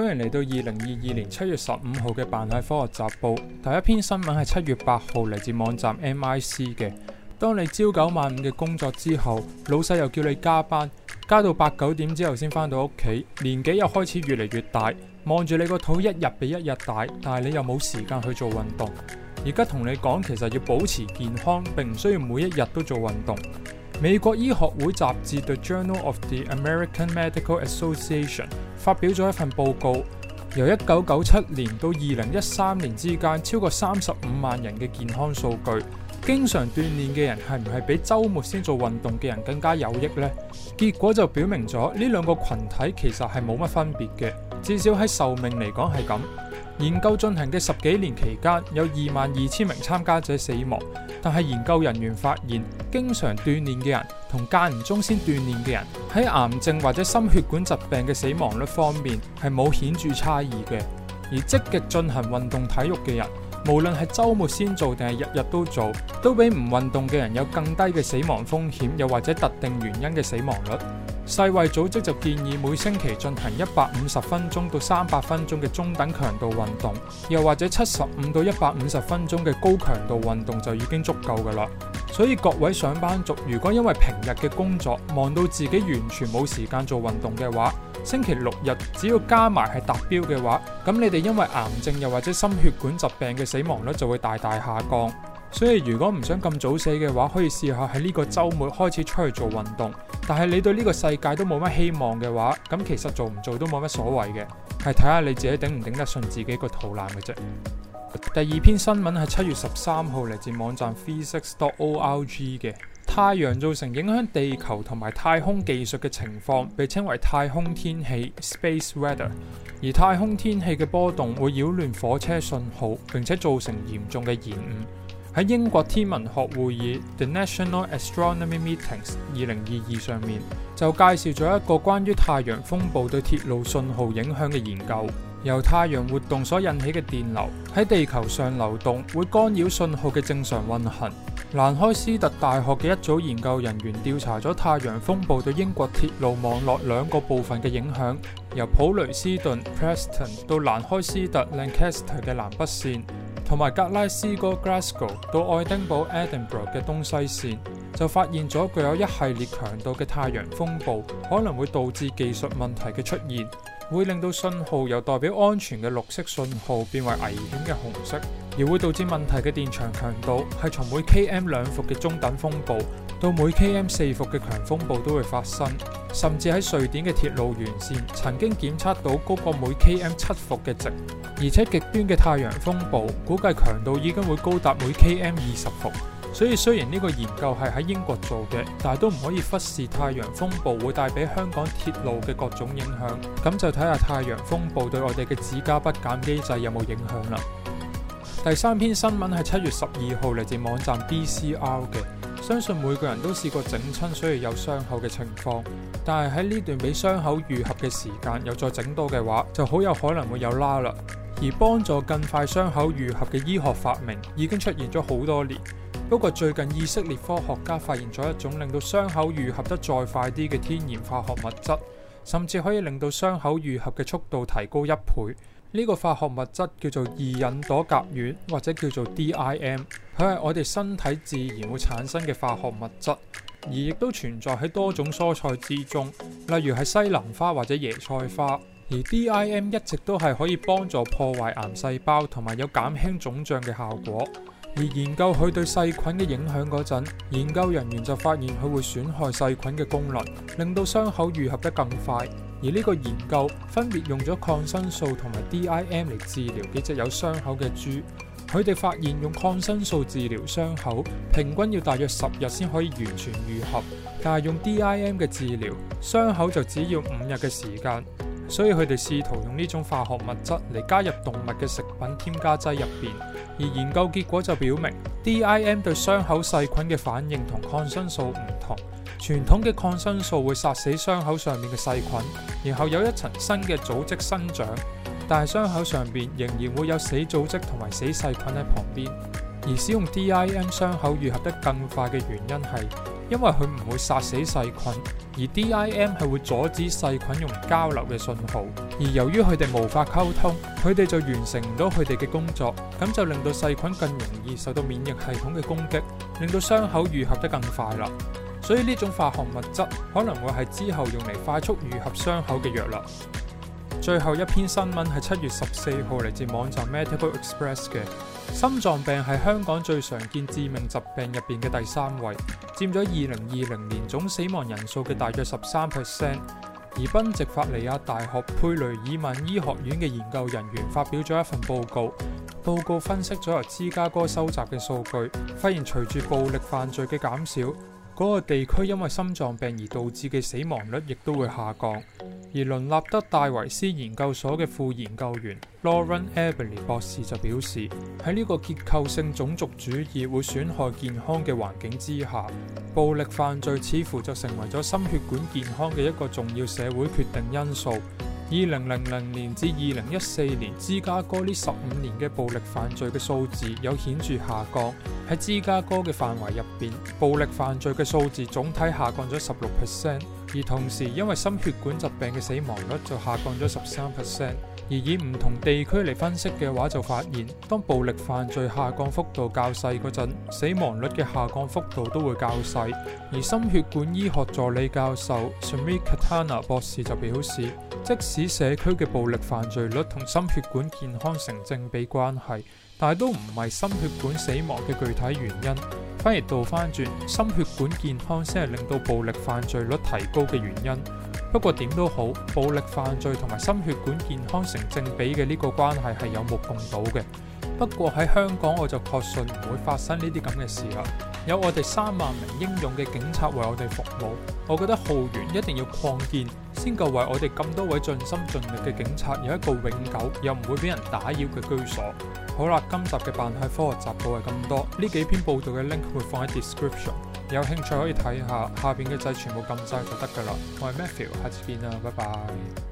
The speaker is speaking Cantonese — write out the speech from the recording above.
歡迎嚟到二零二二年七月十五號嘅《扮蟹科學雜報》，第一篇新聞係七月八號嚟自網站 M I C 嘅。當你朝九晚五嘅工作之後，老細又叫你加班，加到八九點之後先返到屋企，年紀又開始越嚟越大，望住你個肚一日比一日大，但係你又冇時間去做運動。而家同你講，其實要保持健康，並唔需要每一日都做運動。美國醫學會雜誌對《Journal of the American Medical Association》發表咗一份報告，由一九九七年到二零一三年之間，超過三十五萬人嘅健康數據，經常鍛煉嘅人係唔係比周末先做運動嘅人更加有益呢？結果就表明咗呢兩個群體其實係冇乜分別嘅，至少喺壽命嚟講係咁。研究進行嘅十幾年期間，有二萬二千名參加者死亡，但係研究人員發現，經常鍛煉嘅人同間唔中先鍛煉嘅人，喺癌症或者心血管疾病嘅死亡率方面係冇顯著差異嘅。而積極進行運動體育嘅人，無論係週末先做定係日日都做，都比唔運動嘅人有更低嘅死亡風險，又或者特定原因嘅死亡率。世衛組織就建議每星期進行一百五十分鐘到三百分鐘嘅中等強度運動，又或者七十五到一百五十分鐘嘅高強度運動，就已經足夠㗎喇。所以各位上班族，如果因為平日嘅工作，忙到自己完全冇時間做運動嘅話，星期六日只要加埋係達標嘅話，咁你哋因為癌症又或者心血管疾病嘅死亡率就會大大下降。所以如果唔想咁早死嘅話，可以試下喺呢個周末開始出去做運動。但係你對呢個世界都冇乜希望嘅話，咁其實做唔做都冇乜所謂嘅，係睇下你自己頂唔頂得順自己個肚腩嘅啫。嗯、第二篇新聞係七月十三號嚟自網站 physics org 嘅太陽造成影響地球同埋太空技術嘅情況，被稱為太空天氣 （space weather）。而太空天氣嘅波動會擾亂火車信號，並且造成嚴重嘅延誤。喺英國天文學會議 The National Astronomy Meetings 二零二二上面，就介紹咗一個關於太陽風暴對鐵路信號影響嘅研究。由太陽活動所引起嘅電流喺地球上流動，會干擾信號嘅正常運行。蘭開斯特大學嘅一組研究人員調查咗太陽風暴對英國鐵路網絡兩個部分嘅影響，由普雷斯頓 Preston 到蘭開斯特 Lancaster 嘅南北線。同埋格拉斯哥 （Glasgow） 到愛丁堡 （Edinburgh） 嘅東西線，就發現咗具有一系列強度嘅太陽風暴，可能會導致技術問題嘅出現，會令到信號由代表安全嘅綠色信號變為危險嘅紅色，而會導致問題嘅電場強度係從每 km 兩伏嘅中等風暴，到每 km 四伏嘅強風暴都會發生，甚至喺瑞典嘅鐵路沿線曾經檢測到高過每 km 七伏嘅值，而且極端嘅太陽風暴估計強度已經會高達每 km 二十伏。所以雖然呢個研究係喺英國做嘅，但係都唔可以忽視太陽風暴會帶俾香港鐵路嘅各種影響。咁就睇下太陽風暴對我哋嘅指甲不減機制有冇影響啦。第三篇新聞係七月十二號嚟自網站 BGR 嘅。相信每個人都試過整親，所以有傷口嘅情況。但係喺呢段俾傷口愈合嘅時間，又再整多嘅話，就好有可能會有拉啦。而幫助更快傷口愈合嘅醫學發明已經出現咗好多年。不過最近以色列科學家發現咗一種令到傷口愈合得再快啲嘅天然化學物質，甚至可以令到傷口愈合嘅速度提高一倍。呢、這個化學物質叫做二吲哚甲烷，或者叫做 DIM。佢係我哋身體自然會產生嘅化學物質，而亦都存在喺多種蔬菜之中，例如係西蘭花或者椰菜花。而 DIM 一直都係可以幫助破壞癌細胞，同埋有減輕腫脹嘅效果。而研究佢對細菌嘅影響嗰陣，研究人員就發現佢會損害細菌嘅功能，令到傷口愈合得更快。而呢個研究分別用咗抗生素同埋 DIM 嚟治療幾隻有傷口嘅豬。佢哋發現用抗生素治療傷口，平均要大約十日先可以完全愈合，但係用 DIM 嘅治療，傷口就只要五日嘅時間。所以佢哋試圖用呢種化學物質嚟加入動物嘅食品添加劑入邊，而研究結果就表明，DIM 對傷口細菌嘅反應同抗生素唔同。傳統嘅抗生素會殺死傷口上面嘅細菌，然後有一層新嘅組織生長。但係傷口上邊仍然會有死組織同埋死細菌喺旁邊，而使用 DIM 傷口愈合得更快嘅原因係，因為佢唔會殺死細菌，而 DIM 係會阻止細菌用交流嘅信號，而由於佢哋無法溝通，佢哋就完成唔到佢哋嘅工作，咁就令到細菌更容易受到免疫系統嘅攻擊，令到傷口愈合得更快啦。所以呢種化學物質可能會係之後用嚟快速愈合傷口嘅藥啦。最後一篇新聞係七月十四號嚟自網站 Medical Xpress 嘅，心臟病係香港最常見致命疾病入邊嘅第三位，佔咗二零二零年總死亡人數嘅大約十三 percent。而賓夕法尼亞大學佩雷爾曼醫學院嘅研究人員發表咗一份報告，報告分析咗由芝加哥收集嘅數據，發現隨住暴力犯罪嘅減少。嗰個地區因為心臟病而導致嘅死亡率亦都會下降，而倫納德·戴維斯研究所嘅副研究員 Lauren Abney 博士就表示，喺呢個結構性種族主義會損害健康嘅環境之下，暴力犯罪似乎就成為咗心血管健康嘅一個重要社會決定因素。二零零零年至二零一四年，芝加哥呢十五年嘅暴力犯罪嘅數字有顯著下降。喺芝加哥嘅範圍入邊，暴力犯罪嘅數字總體下降咗十六 percent，而同時因為心血管疾病嘅死亡率就下降咗十三 percent。而以唔同地區嚟分析嘅話，就發現當暴力犯罪下降幅度較細嗰陣，死亡率嘅下降幅度都會較細。而心血管醫學助理教授 Sumi Katana 博士就表示。即使社區嘅暴力犯罪率同心血管健康成正比關係，但係都唔係心血管死亡嘅具體原因，反而倒翻轉，心血管健康先係令到暴力犯罪率提高嘅原因。不過點都好，暴力犯罪同埋心血管健康成正比嘅呢個關係係有目共睹嘅。不過喺香港，我就確信唔會發生呢啲咁嘅事啦。有我哋三萬名英勇嘅警察為我哋服務，我覺得浩園一定要擴建，先夠為我哋咁多位盡心盡力嘅警察有一個永久又唔會俾人打擾嘅居所。好啦，今集嘅《扮蟹科學》雜報係咁多，呢幾篇報道嘅 link 會放喺 description，有興趣可以睇下。下邊嘅掣全部撳晒就得噶啦。我係 Matthew，下次見啦，拜拜。